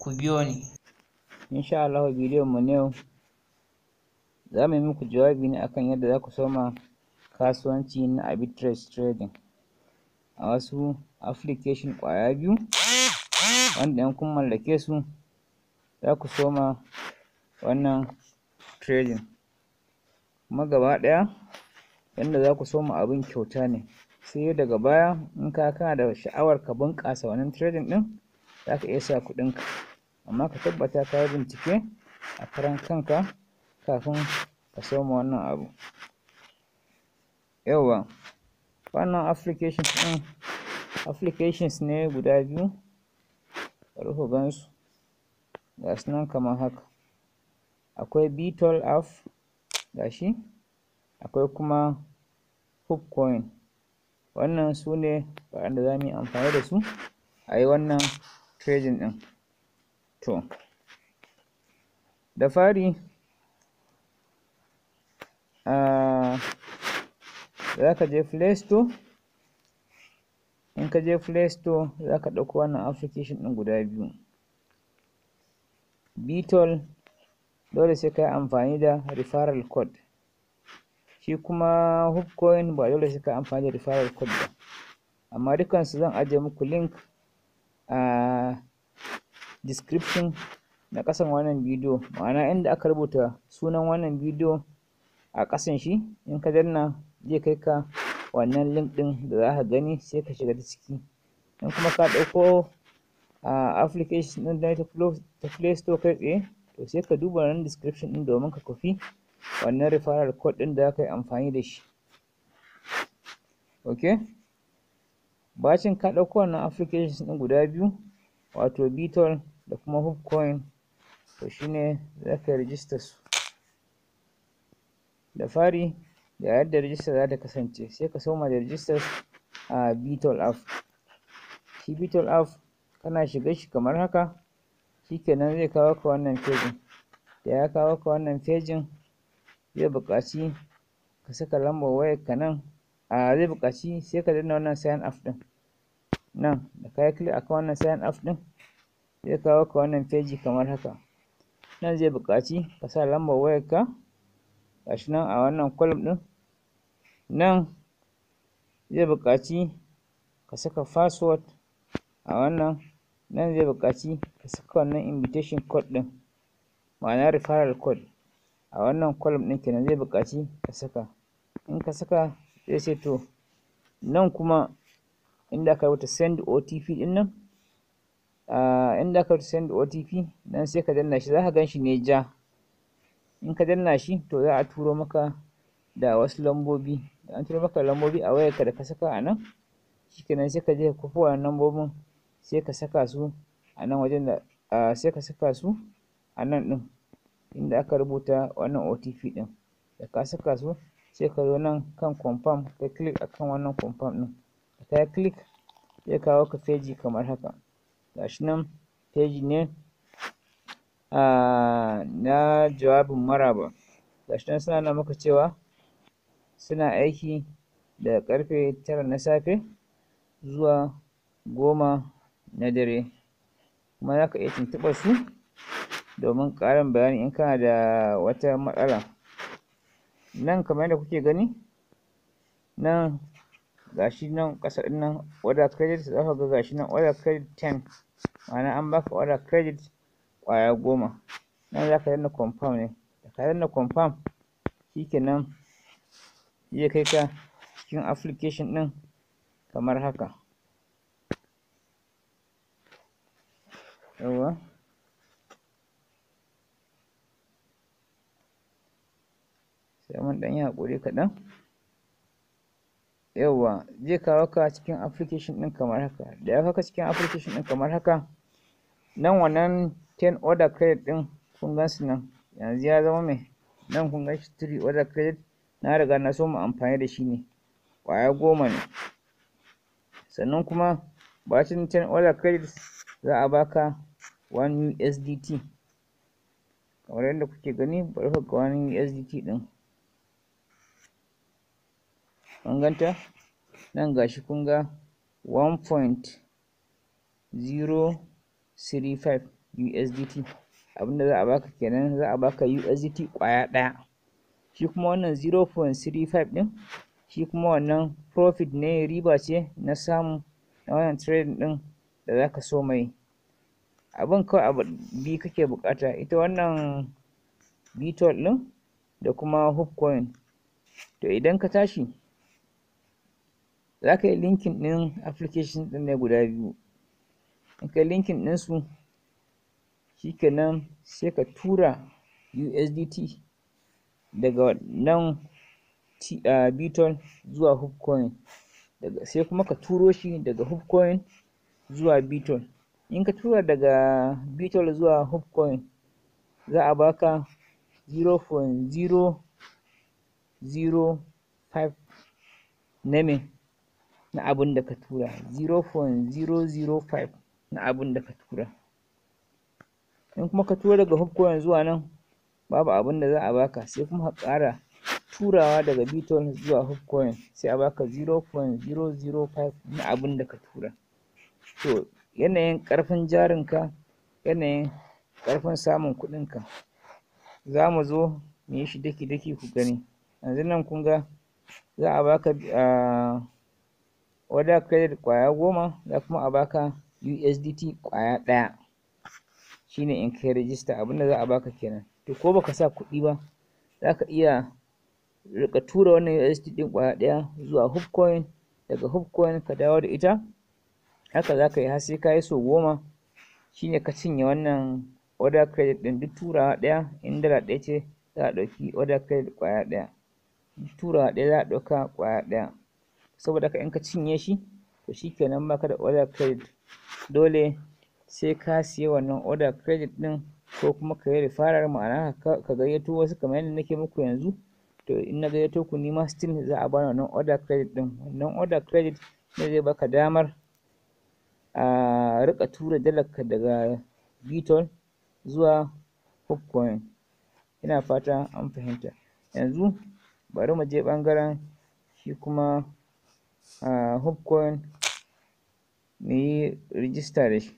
ku biyo ni. Insha Allah bidiyon mu ne za mu yi muku jawabi ne akan yadda za ku soma kasuwanci na arbitrage trading a wasu application kwaya biyu wanda in kun mallake su za ku soma wannan trading kuma gaba ɗaya yadda za ku soma abin kyauta ne sai daga baya in ka kana da sha'awar ka bunƙasa wannan trading ɗin za ka iya sa ka. amma ka tabbata ka yi bincike a karan kanka kafin ka soma wannan abu yauwa wannan applications ne guda biyu bari gansu. ga su nan kamar haka akwai btol app ga shi akwai kuma hookcoin wannan su ne waɗanda za mu yi amfani da su a yi wannan trading ɗin to da fari za ka je play store in ka je play store za ka ɗauko wannan application ɗin guda biyu bitol dole sai ka yi amfani da referral code shi kuma hookcoin ba dole sai ka amfani da referral code ba amma dukansu zan ajiye muku link a description na ƙasan wannan bidiyo ma'ana inda aka rubuta sunan wannan bidiyo a ƙasan shi in ka danna zai kai ka wannan link ɗin da za ka gani sai ka shiga ta ciki in kuma ka ɗauko a application ɗin da ta play store kai tsaye to sai ka duba wannan description ɗin domin ka kofi wannan referral code ɗin da za ka yi amfani da shi ok bacin ka ɗauko wannan application ɗin guda biyu wato bitol da kuma Hopcoin to shine ka rijista su da fari ga yadda rijista za ta kasance sai ka soma da rijistar a Bitol app shi Bitol app kana shiga shi kamar haka shikenan zai kawo ka wannan fejin da ya kawo ka wannan fejin zai buƙaci ka saka lambar wayar ka nan a zai buƙaci sai ka danna wannan sign up ɗin nan da ka yi click kan wannan sign up ɗin zai kawo ka wannan feji kamar haka nan zai buƙaci ka sa lambar wayarka shi nan a wannan column ɗin nan zai buƙaci ka saka password a wannan nan zai buƙaci ka saka wannan invitation code ɗin ma'ana referral code a wannan column ɗin kenan zai buƙaci ka saka in ka saka zai ce to nan kuma inda aka rubuta send OTP ɗin nan Ah, inda aka send OTP dan sai ka danna shi za ka gan shi ne ja in ka danna shi to za a turo maka da wasu lambobi an turo maka lambobi a wayarka da ka saka a nan shikenan sai ka je ka kwafo wannan lambobin sai ka saka su a nan wajen da ah, sai ka saka su a nan ɗin inda aka rubuta wannan OTP ɗin da ka saka su sai ka zo nan kan confirm ka click akan wannan confirm ɗin da ka click zai kawo ka feji kamar haka gashi nan peji ne um na jawabin maraba gashi nan suna nuna maka cewa suna aiki da karfe tara na safe zuwa goma na dare kuma zaka iya tuntuɓar su domin ƙarin bayani in kana da wata matsala nan kamar yadda kuke gani nan gashi nan ƙasa nan order credit zaka ga gashi nan order credit ten ma'ana an baka order credit ƙwaya goma nan za ka danna confirm ne da ka danna confirm shikenan zai kai ka cikin application ɗin kamar haka yawa sai mun ɗan yi haƙuri kaɗan yawa zai kawo ka cikin application ɗin kamar haka da ya kawo ka cikin application ɗin kamar haka nan wannan ten order credit ɗin kun gan nan yanzu ya zama mai nan kun gan shi three order credit na riga na so mu amfani da shi ne ƙwaya goma ne sannan kuma bacin ten order credit za a baka one USDT kamar yadda kuke gani bari ku ga wani USDT ɗin kun ganta nan gashi kun ga 1.0 35 USDT abinda za a baka kenan za a baka USDT kwaya ɗaya shi kuma wannan 0.35 ɗin shi kuma wannan profit ne riba ce na samu na wannan trading ɗin da zaka so mai abin kawai abu biyu kake bukata ita wannan bitol ɗin da kuma hopcoin to idan ka tashi za ka yi linkin ɗin application ɗin ne guda biyu in linkin ɗinsu shi nan sai ka tura USDT daga nan biton Bitcoin zuwa Hubcoin sai kuma ka turo shi daga Hubcoin zuwa Bitcoin in ka tura daga Bitcoin zuwa Hubcoin za a baka 0.005 na na abin da ka tura 0.005 na abin da ka tura in kuma ka tura daga Hopcoin zuwa nan babu abin da za a baka sai kuma ka ƙara turawa daga Bitcoin zuwa Hopcoin sai a baka 0.005 na abin da ka tura to yanayin ƙarfin ka yanayin ƙarfin samun kuɗinka za mu zo mu yi shi daki-daki ku gani yanzu nan kun ga za a baka wadda ah, ka yi da ƙwaya goma za kuma a baka USDT kwaya ɗaya shine in kai rijista abinda za a baka kenan to ko baka sa kuɗi ba ka iya rika tura wannan USDT ɗin kwaya ɗaya zuwa Hubcoin daga Hubcoin ka dawo da ita haka za ka yi har sai kayi sau goma shine ka cinye wannan order credit ɗin duk turawa ɗaya in dala ɗaya ce za a ɗauki order credit kwaya ɗaya duk turawa ɗaya za a ɗauka kwaya ɗaya saboda haka in ka cinye shi to shi shikenan baka da order credit dole sai ka siya wannan order credit ɗin ko kuma ka yi referral ma'ana ka gayyato wasu kamar yadda nake muku yanzu to in na gayyato ku nima still za a bani wannan order credit ɗin wannan order credit ne zai baka damar a riƙa tura dalarka daga Bitcoin zuwa Hopcoin ina fata an fahimta yanzu bari mu je ɓangaren shi kuma a Hopcoin mu yi rijista da shi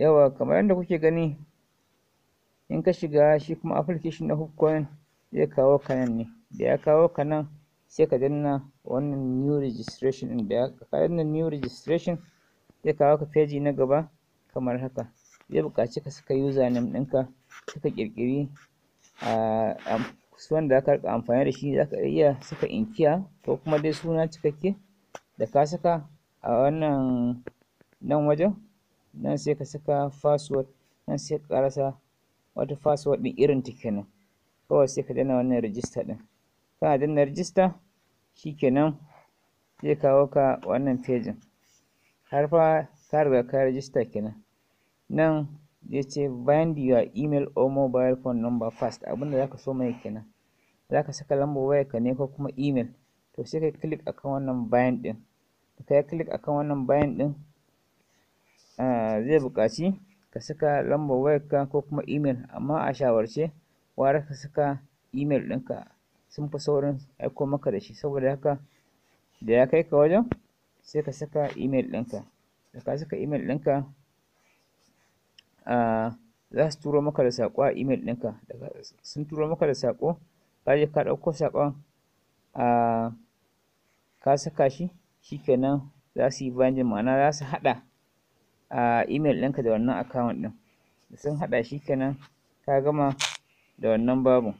yawa kamar yadda kuke gani in ka shiga shi kuma application na hookcoin zai kawo ka nan ne da ya kawo ka nan sai ka danna wannan new registration din da ka danna new registration zai kawo ka feji na gaba kamar haka zai buƙaci ka saka username ɗinka suka ƙirƙiri a sunan da ka amfani da shi za ka iya saka inkiya ko kuma dai suna cikakke da ka saka a wannan nan wajen nan sai ka saka password nan sai ka ƙarasa wata password ɗin irin ta kenan kawai sai ka danna wannan register ɗin kana danna register shikenan zai kawo ka wannan page har fa ka riga ka register kenan nan zai ce bind your email or mobile phone number first abinda zaka so mai kenan zaka saka lambar wayarka ne ko kuma email to sai kai click akan wannan bind ɗin ka yi click akan wannan bayan ɗin eh, zai buƙaci ka saka lambar wayarka ko kuma email amma a shawarce ware ka saka email ɗinka sun fi saurin aiko maka da shi saboda haka da ya kai ka wajen sai ka saka email ɗinka da ka saka email ɗinka ah, za su turo maka da saƙo a email ɗinka daga sun turo maka da saƙo ka je ka ɗauko saƙon ah, ka saka shi shikenan za su yi binding ma'ana za su haɗa a email ɗinka da wannan account ɗin da sun haɗa shikenan ka gama da wannan babu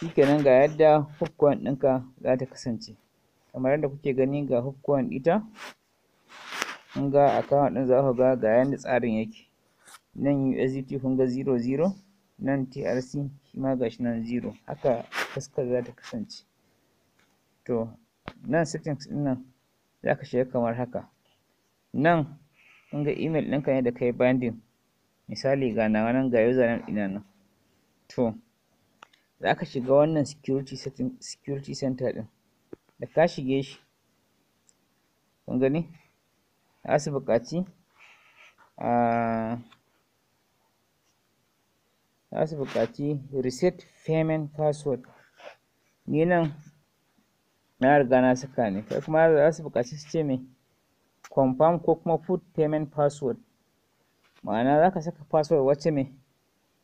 shikenan ga yadda hukkuwan ɗinka za ta kasance kamar yadda kuke gani ga hukkuwan ita kun ga account ɗin za ku ga ga yadda tsarin yake nan USDT kun ga zero zero nan TRC shi ma ga nan zero haka fuskar za ta kasance to nan settings din nan za ka shiga kamar haka nan kun ga email ɗinka ne da kai binding misali ga nawa nan ga username ɗina nan to za ka shiga wannan security setting security center ɗin da ka shige shi kun gani za su buƙaci ah, za su buƙaci reset payment password ni nan na riga na saka ne kai kuma za su buƙaci su ce me confirm ko kuma put payment password ma'ana za ka saka password wacce me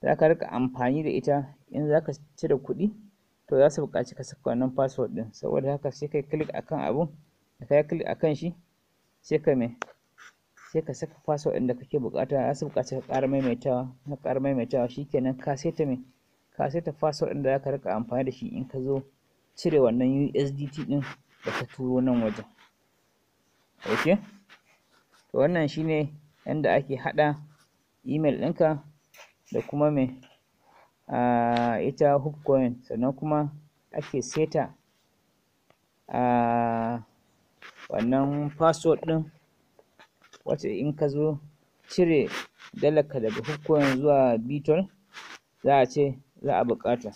za ka rika amfani da ita in za ka cire kuɗi to za su buƙaci ka saka wannan password ɗin saboda haka sai kai click akan abun da kai click akan shi sai ka me sai ka saka password ɗin da kake buƙata za su buƙaci ka ƙara maimaitawa na ƙara maimaitawa shikenan ka saita me ka saita password ɗin da za ka rika amfani da shi in ka zo cire wannan USDT ɗin da ka turo nan wajen ok to wannan shine yanda ake haɗa email ɗinka da kuma mai uh, ita hookcoin sannan kuma ake seta uh, wannan password ɗin wacce in ka zo cire dalaka daga hookcoin zuwa bitcoin za a ce za a buƙata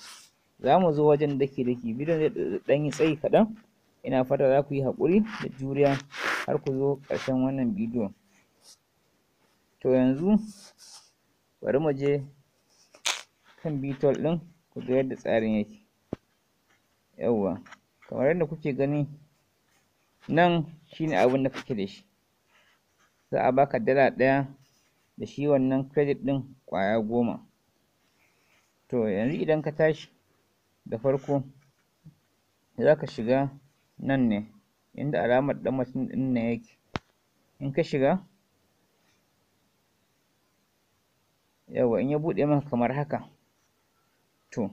za mu zo wajen daki-daki bidiyon da ɗan yi tsayi kaɗan ina fata za ku yi haƙuri da juriya har ku zo ƙarshen wannan bidiyon to yanzu bari mu je kan bitol ɗin ku ga yadda tsarin yake yawwa kamar yadda kuke gani nan shine abin da kake da shi za a baka dala ɗaya da shi wannan credit ɗin ƙwaya goma to yanzu idan ka tashi da farko zaka shiga nan ne inda alamar ɗan mutum ɗin nan yake in ka shiga Yauwa in ya buɗe maka kamar haka to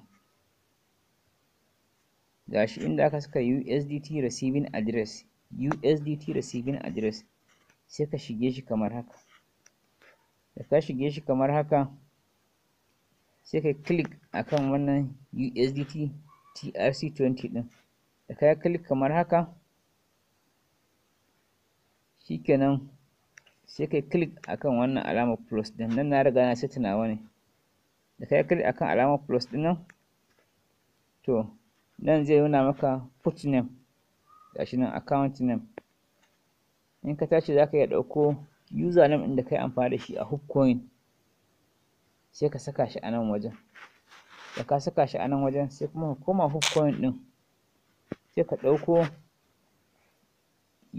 gashi inda aka saka USDT receiving address USDT receiving address sai ka shige shi kamar haka da ka shige shi kamar haka sai ka click akan wannan USDT TRC20 din da kai click kamar haka shikenan sai ka click akan wannan alamar plus din nan na riga na set nawa ne da kai click akan alamar plus din nan to nan zai nuna maka put name gashi nan account name in ka tashi zaka iya ɗauko username inda da kai amfani da shi a coin. sai ka saka shi a nan wajen da ka saka shi a nan wajen sai kuma ka koma hook coin ɗin sai ka ɗauko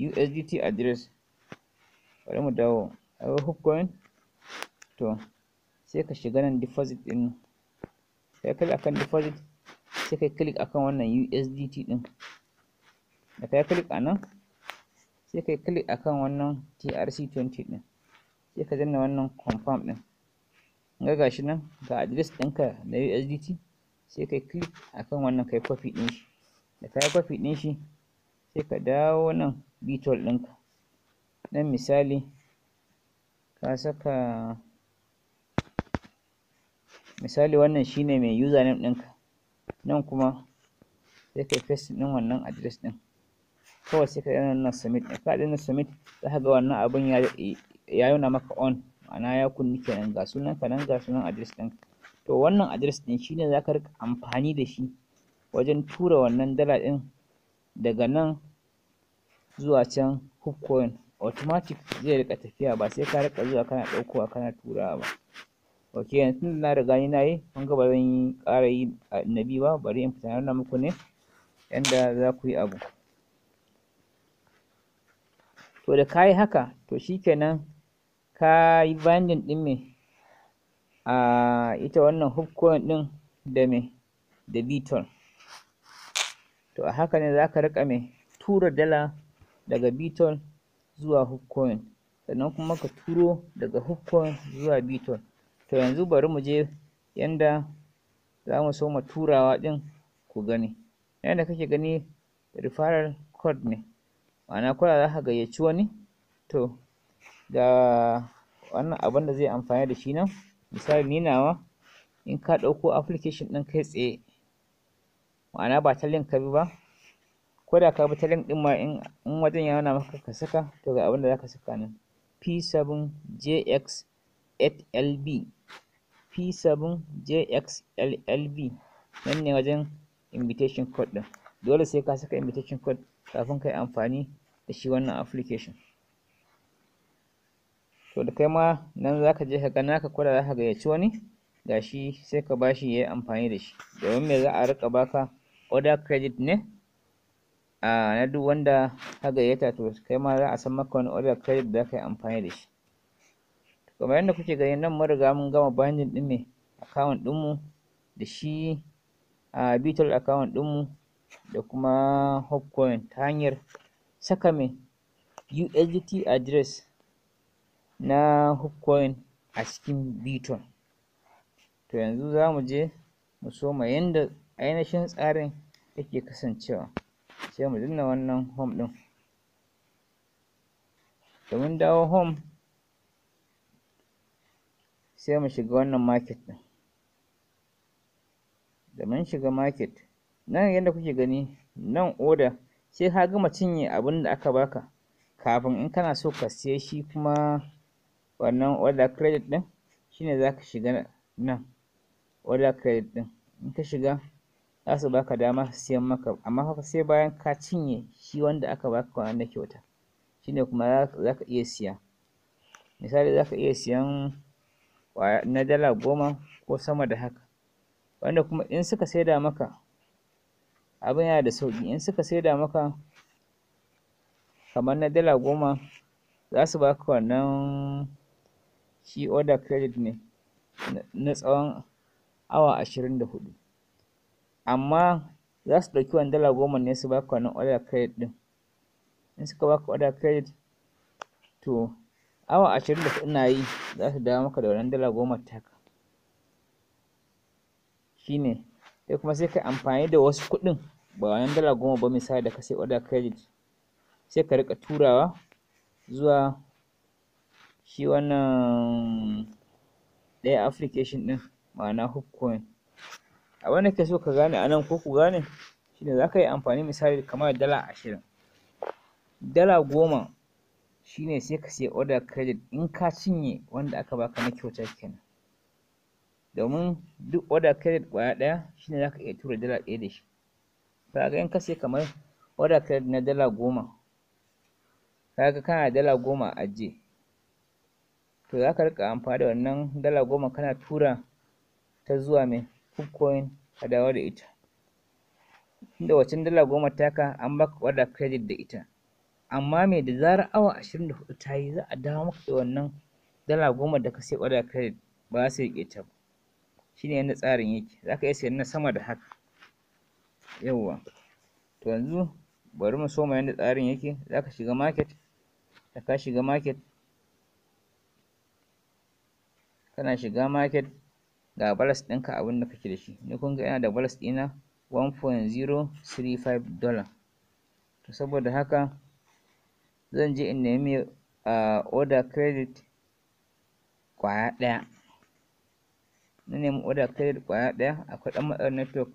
USDT address bari mu dawo a hook coin to sai ka shiga nan deposit ɗin sai ka akan deposit sai ka click akan wannan USDT ɗin da ka click a nan sai ka click akan wannan TRC20 ɗin sai ka danna wannan confirm ɗin ga gashi nan ga address ɗinka na USDT sai kai click akan wannan kai copy ɗin shi da kai copy ɗin shi sai ka dawo nan bitol ɗinka dan misali ka saka misali wannan shine mai username ɗinka nan kuma sai kai paste ɗin wannan address ɗin kawai sai ka yi nan submit ka ɗin submit za ka ga wannan abun ya ya nuna maka on ma'ana ya kunni kenan ga sunan ka nan ga sunan address ɗin to wannan address ɗin shine zaka riƙa amfani da shi wajen tura wannan dala ɗin daga nan zuwa can Hopcoin automatic zai riƙa tafiya ba sai ka riƙa zuwa kana ɗaukowa kana turawa ba ok yanzu tunda na riga ni na yi kun ga ba zan yi ƙara yi na biyu ba bari in fita na muku ne yanda za ku yi abu to da ka yi haka to shi kenan. ka yi bandin ɗin me a ita wannan hukkuwan din ɗin da me da biton, to a haka ne za ka riƙa me tura dala daga biton zuwa hukkuwan sannan kuma ka turo daga hukkuwan zuwa biton? to yanzu bari mu je yanda za mu so mu turawa ɗin ku gani yanda kake gani rifarar code ne ma'ana ko za ka gayyaci wani to da wannan abun da zai amfani da shi nan misali ni nawa in ka ɗauko application ɗin kai tsaye ma'ana ba ta link ka bi ba ko da ka bi ta link ɗin ma in wajen ya maka ka saka to ga abin da za ka saka nan P7JX8LB P7JXLLB nan ne wajen invitation code ɗin dole sai ka saka invitation code kafin ka yi amfani da shi wannan application to da kai ma nan za ka je ka ga naka kwada za ka gayyaci wani shi sai ka bashi ya yi amfani da shi domin me za a rika baka oda credit ne a na duk wanda ka gayyata to kai ma za a san maka wani order credit da ka yi amfani da shi kamar yadda kuke gani nan mun riga mun gama binding din me account din mu da shi a bitol account din mu da kuma hopcoin ta hanyar saka me USDT address na hukoin a cikin Biton. To yanzu za mu je mu soma yanda ainihin tsarin yake kasancewa. Sai mu danna wannan home ɗin. Da mun dawo home sai mu shiga wannan market ɗin. Da mun shiga market nan yanda kuke gani nan order sai ka gama cinye abin da aka baka kafin in kana so ka siye shi kuma wannan order credit ɗin shine zaka shiga nan order credit ɗin in ka shiga za su baka dama su siyan maka amma fa sai bayan ka cinye shi wanda aka baka wannan kyauta shine kuma za ka iya siya misali za ka iya siyan na dala goma ko sama da haka wanda kuma in suka saida maka abin yana da sauƙi in suka saida maka kamar na dala goma za su baka wannan shi order credit ne na tsawon awa ashirin da hudu amma za su ɗauki wani dala goma ne su baka wannan order credit ɗin in suka baka order credit to awa ashirin da hudu na yi za su dawo maka da wannan dala goma taka shine sai kuma sai ka amfani da wasu kuɗin ba wannan dala goma ba misali da ka sai order credit sai ka rika turawa zuwa shi wannan ɗaya application ɗin ma'ana hook coin abin da so ka gane anan nan ko ku gane shine za ka yi amfani misali kamar dala ashirin dala goma shine sai ka sai order credit in ka cinye wanda aka baka na kyautar kenan domin duk order credit kwaya ɗaya shine za ka iya tura dala ɗaya da shi kaga in ka sai kamar order credit na dala goma kaga kana dala goma a ajiye to za ka riƙa amfani da wannan dala goma kana tura ta zuwa mai Bitcoin ka dawo da ita inda waccan dala goma taka an baka wadda credit da ita amma mai da zarar awa ashirin da hudu ta yi za a dawo maka da wannan dala goma da ka sai wadda kredit ba za su riƙe ta ba shine yadda tsarin yake za ka iya sayan na sama da haka yawwa to yanzu bari mu soma yadda tsarin yake za ka shiga market da ka shiga market kana shiga market ga balas ɗinka abin da kake da shi ni kun ga ina da balas ɗina five dollar to saboda haka zan je in nemi uh, order credit ƙwaya ɗaya na nemi order credit ƙwaya ɗaya akwai ɗan matsalar network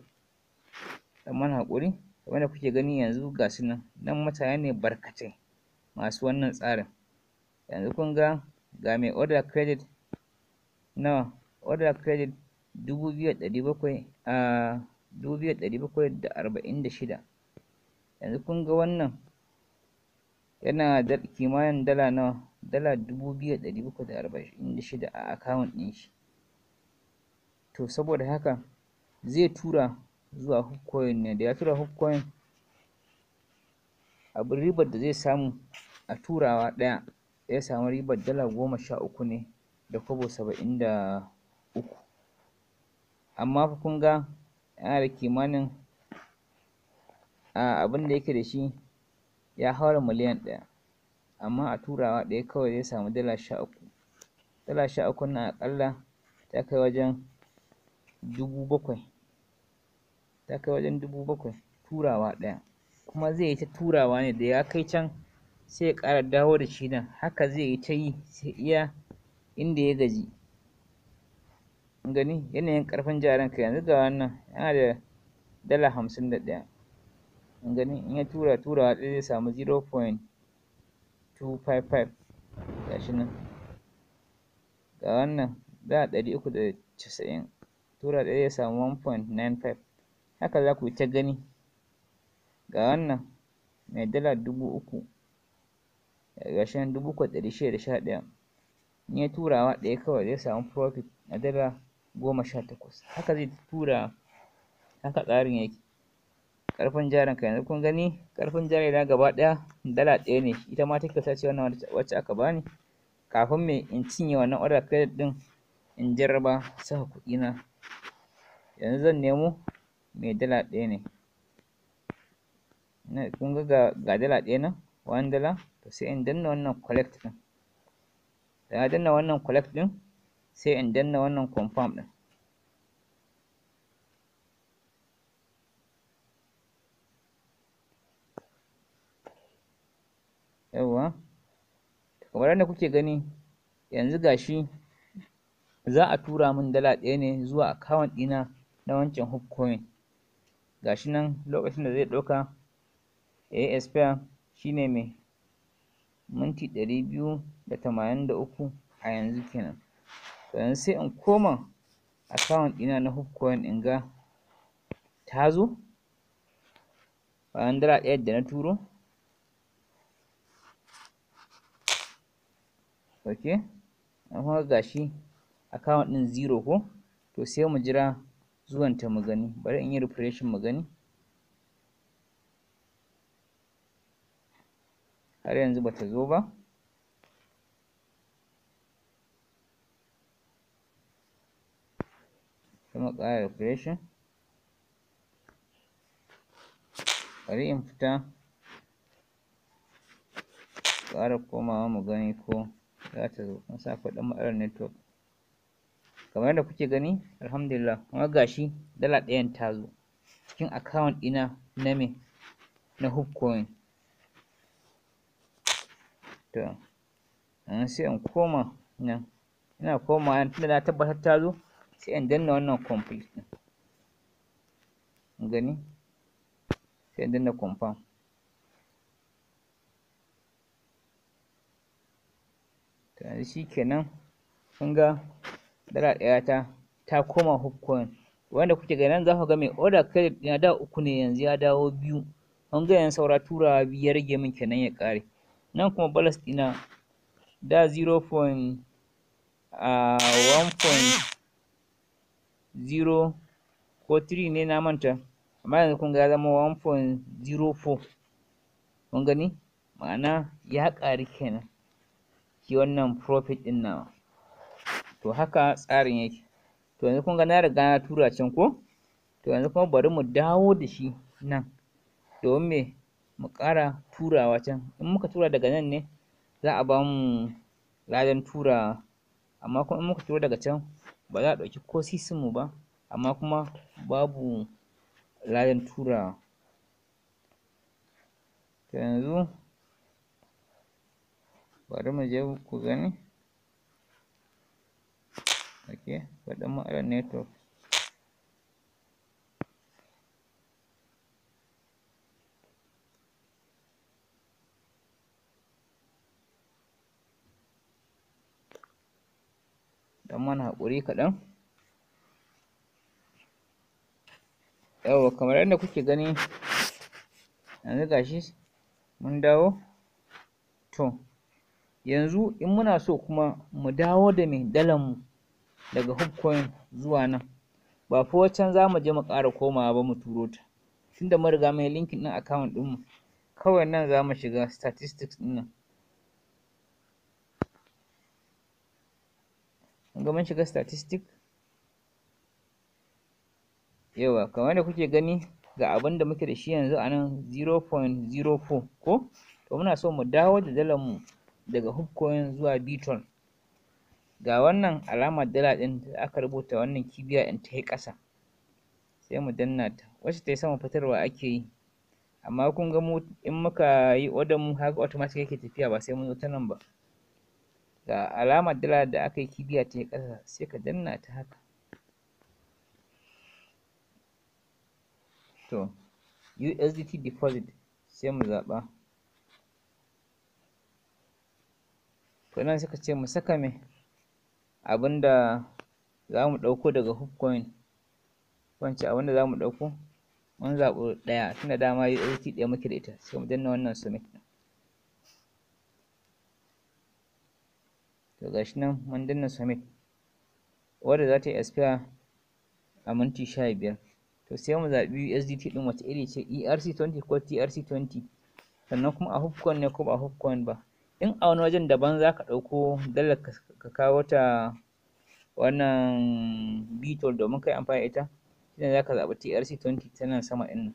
ɗan mana haƙuri kamar kuke gani yanzu ga su nan nan mutane ne barkatai masu wannan tsarin yanzu kun ga ga mai order credit nawa order credit dubu biyu da ɗari bakwai a dubu da ɗari bakwai da arba'in da shida yanzu kun ga wannan yana da kimanin dala nawa dala dubu biyu da ɗari bakwai da arba'in da shida a account ɗin shi to saboda haka zai tura zuwa hukcoin ne da ya tura hukcoin abin ribar da zai samu a turawa ɗaya ya samu ribar dala goma sha uku ne da kobo saba'in da uku amma fa kun ga yana da kimanin a abin da yake da shi ya haura miliyan ɗaya amma a turawa ɗaya kawai zai samu dala sha uku dala sha uku na aƙalla ta kai wajen dubu bakwai ta kai wajen dubu bakwai turawa ɗaya kuma zai yi ta turawa ne da ya kai can sai ya ƙara dawo da shi nan haka zai yi ta yi sai iya inda ya gaji kun gani yanayin ƙarfin ka yanzu ga wannan yana da dala hamsin da ɗaya kun gani in ya tura turawa ɗaya zai samu 0.255 gashi nan ga wannan za a ɗari uku da casa'in tura ɗaya zai samu 1.95 haka za ku yi ta gani ga wannan mai dala dubu uku gashi nan dubu uku da ɗari shida da sha ɗaya in ya turawa ɗaya kawai zai samu profit na dala goma sha takwas haka zai tura haka tsarin yake ƙarfin jarin ka yanzu kun gani ƙarfin jarin na gaba ɗaya dala ɗaya ne ita ma take sace wannan wacce aka bani kafin me in cinye wannan order credit ɗin in jarraba saka kuɗi na yanzu zan nemo mai dala ɗaya ne kun ga ga dala ɗaya nan wani dala to sai in danna wannan collect ɗin da na danna wannan collect din sai in danna wannan confirm din yawa kamar yadda kuke gani yanzu gashi za a tura min dala ɗaya ne zuwa account ɗina na wancan hopcoin gashi nan lokacin da zai ɗauka ya eh, yi shine mai minti ɗari biyu da tamanin da uku a yanzu kenan sannan sai in koma akawun ɗina na hopcoin in ga ta zo bayan dala ɗaya da na turo ok ga gashi account ɗin zero ko to sai mu jira zuwanta mu gani bari in yi refreshin mu gani har yanzu bata zo ba kuma ƙara refreshin bari in fita ƙara komawa mu gani ko za ta zo kun sa ɗan matsalar network kamar yadda kuke gani alhamdulillah kuma gashi dala ɗayan ta zo cikin account ɗina na me na hook coin to yanzu eh, sai in koma nan eh, ina komawa tunda na tabbatar ta zo sai in danna wannan complete ɗin kun gani sai in danna confirm to yanzu shikenan kun ga dala ɗaya ta ta koma hopcoin wanda kuke ga nan za ku ga mai order credit ya da uku ne yanzu ya dawo biyu kun ga yanzu saura turawa biyu ya rage min kenan ya ƙare nan kuma balas ɗina da 0.1.0 ko 3 ne na manta amma yanzu kun ga ya zama 1.04 kun gani ma'ana ya ƙari kenan shi wannan profit ɗin nawa to haka tsarin yake to yanzu kun ga na riga na tura can ko to yanzu kuma bari mu dawo da shi nan domin me mu ƙara turawa can in muka tura daga nan ne za a bamu ladan turawa amma kuma in muka tura daga can ba za a ɗauki ko sisin mu ba amma kuma babu ladan turawa to yanzu bari mu je ku gani ok ɗan network dan mana haƙuri kaɗan yawa kamar yadda kuke gani yanzu gashi mun dawo to yanzu in muna so kuma mu dawo da mai dalan mu daga hubcoin zuwa nan ba fa wacan za mu je mu ƙara komawa ba mu turo ta tunda mun riga mai linkin ɗin account ɗinmu kawai nan za mu shiga statistics ɗin nan ga mun shiga statistic yawa kamar da kuke gani ga abin da muke da shi yanzu a nan 0.04 ko to muna so mu dawo da dalar mu daga hubcoin zuwa bitcoin ga wannan alama dala ɗin da aka rubuta wannan kibiya in ta yi ƙasa sai mu danna ta wacce ta yi sama fitarwa ake yi amma kun ga mu in muka yi order mu haka automatic yake tafiya ba sai mun zo ta nan ba ga alamar dala da aka yi kibiya ta yi ƙasa sai ka danna ta haka to USDT deposit sai mu zaɓa to nan suka ce mu saka mai abinda za mu ɗauko daga Hopcoin abin abinda za mu ɗauko mun zaɓi ɗaya tunda dama USDT ɗaya muke da ita sai mu danna wannan submit ɗin to gashi nan mun danna submit wadda za ta yi expire a minti sha biyar to sai mu zaɓi USDT ɗin wace iri ce ERC20 ko TRC20 sannan kuma a hopcoin ne ko ba hopcoin ba in a wani wajen daban za ka ɗauko dalar ka kawo ta wannan bitol domin kai amfani ita shine za ka zaɓi TRC20 ta nan sama ɗin nan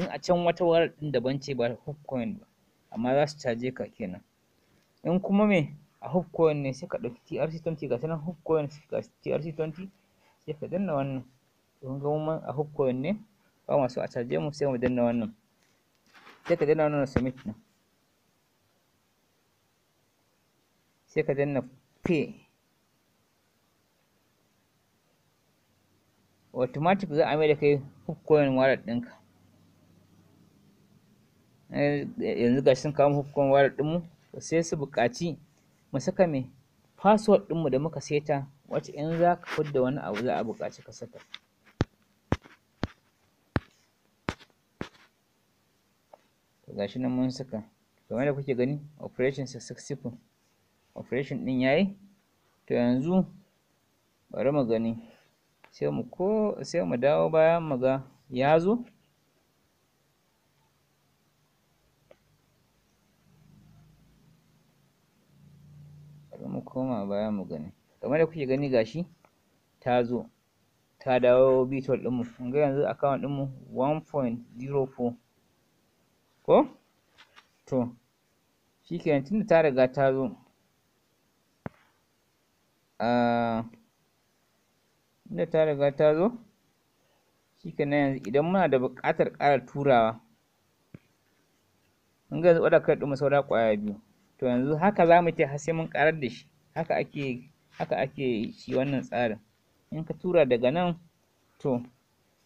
in a can wata wallet ɗin daban ce ba hopcoin ba amma za su caje ka kenan in kuma me a hub coin ne sai ka ɗauki trc20 ga sanan hub coin ga trc20 sai ka danna wannan Don ga mun a hub coin ne ba masu a charge mu sai mu danna wannan sai ka danna wannan submit din sai ka danna pay automatic za a mai da kai hub coin wallet ɗinka eh, yanzu ga sun kawo hub coin wallet ɗinmu sai su buƙaci mu saka mai password ɗinmu da muka seta wacce in za ka fidda wani abu za a buƙaci ka saka to shi nan mun saka kamar da kuke gani operation successful operation ɗin ya yi to yanzu bari mu gani sai mu ko sai mu dawo baya mu ga ya zo mu koma baya mu gani kamar da kuke gani gashi ta zo ta dawo bitol ɗinmu kun ga yanzu account ɗinmu 1.04 ko to shikenan tunda ta riga ta zo tunda ta riga ta zo shikenan yanzu idan muna da buƙatar ƙara turawa kun ga yanzu order card ɗinmu saura ƙwaya biyu to yanzu haka za mu ce har sai mun karar da shi haka ake haka ake shi wannan tsarin in ka tura daga nan to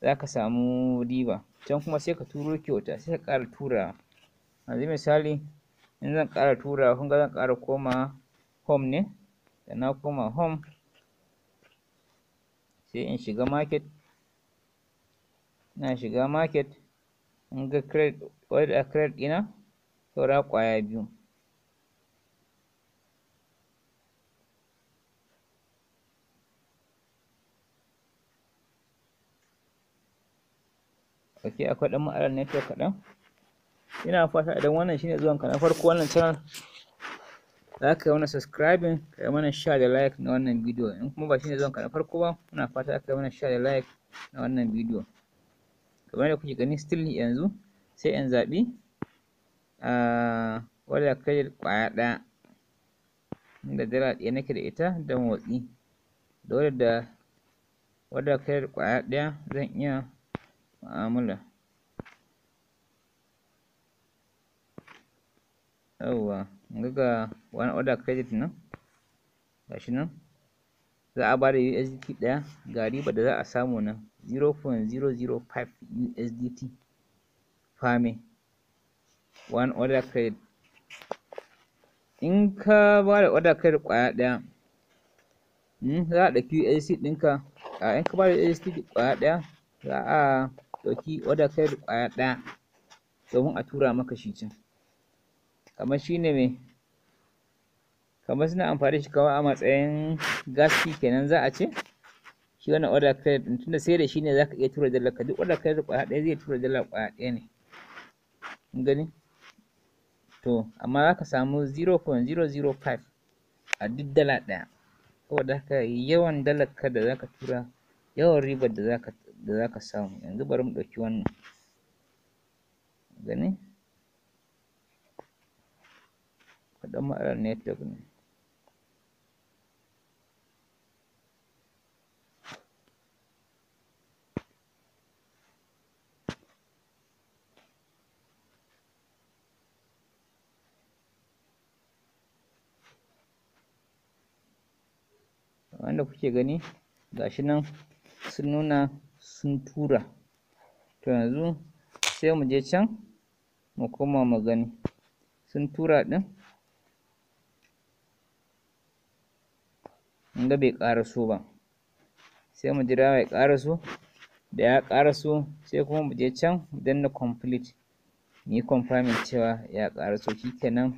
za ka samu riba can kuma sai ka turo kyauta sai ka ƙara turawa yanzu misali in zan ƙara turawa kun ga zan ƙara koma home ne da na koma home sai in shiga market na shiga market in ga credit a credit ɗina saura ƙwaya biyu ok akwai ɗan ma'alar network kaɗan ina fata idan wannan shine zuwan ka na farko wannan channel za ka yi mana subscribing ka yi mana share da like na wannan bidiyo in kuma ba shine zuwan ka na farko ba muna fata ka yi mana share da like na wannan bidiyo kamar da kuke gani still yanzu sai in zaɓi wadda kai ƙwaya ɗaya inda dala ɗaya nake da ita da motsi da wadda wadda kai ƙwaya ɗaya zan iya mu'amala yawwa kunga ga one order credit nan gashi nan za a bada USDT ɗaya ga riba da za a samu nan 0.005 USDT fami one order credit in ka bada order credit ƙwaya ɗaya hmm, za a ɗauki USDT ɗinka a in ka bada USDT ƙwaya ɗaya za a ɗauki order da ƙwaya ɗaya domin a tura maka shi can kamar shi ne mai kamar suna amfani shi kawai a matsayin gas fee kenan za a ce shi wannan order credit ɗin tunda sai da shi ne za ka iya tura dala ka duk order da ƙwaya ɗaya zai tura dala ƙwaya ɗaya ne kun gani to amma za ka samu 0.005 a duk dala ɗaya saboda haka yawan dalar ka da za ka tura yawan ribar da za ka da za ka samu yanzu bari mu ɗauki wannan gani kaɗan ma'anar network ne wanda kuke gani gashi nan sun nuna sun tura to yanzu sai mu je can mu koma mu gani sun tura ɗin ga bai karaso ba sai mu jira ya karaso da ya karaso sai kuma mu je can dan na complete ni confirming cewa ya karaso shikenan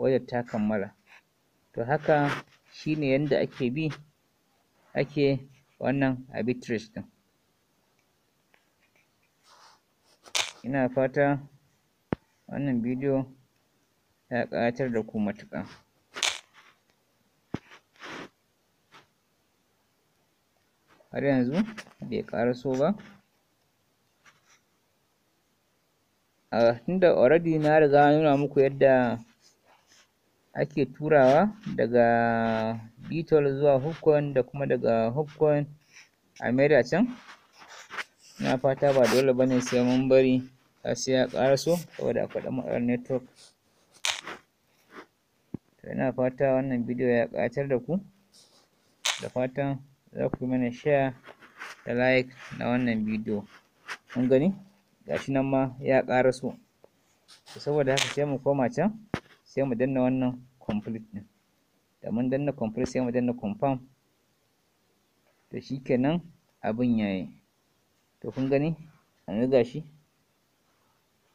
wajen ta kammala to haka shine yanda ake bi ake wannan arbitrage ɗin ina fata wannan bidiyo ya ƙayatar da ku matuƙa har yanzu bai ƙaraso ba a tunda already na riga nuna muku yadda ake turawa daga Bitol zuwa hukon da kuma daga Hookcoin a maida can ina fata ba dole bane sai mun bari sai ya ƙaraso saboda akwai ɗan matsalar network to ina fata wannan bidiyo ya ƙayatar da ku da fatan za ku mana share da like na wannan bidiyo kun gani gashi nan ma ya ƙaraso to saboda haka sai mu koma can sai mu danna wannan complete ɗin da mun danna complete sai mu danna confirm to shikenan abin yayi to kun gani an yi gashi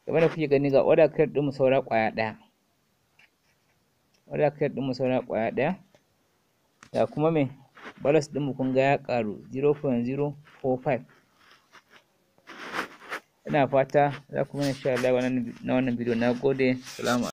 kamar da kuke gani ga order crate ɗinmu saura ƙwaya ɗaya order crate ɗinmu saura ƙwaya ɗaya ga kuma me balas ɗinmu kun ga ya ƙaru 0.045 ina fata za ku mana sha Allah na wannan bidiyo na gode salama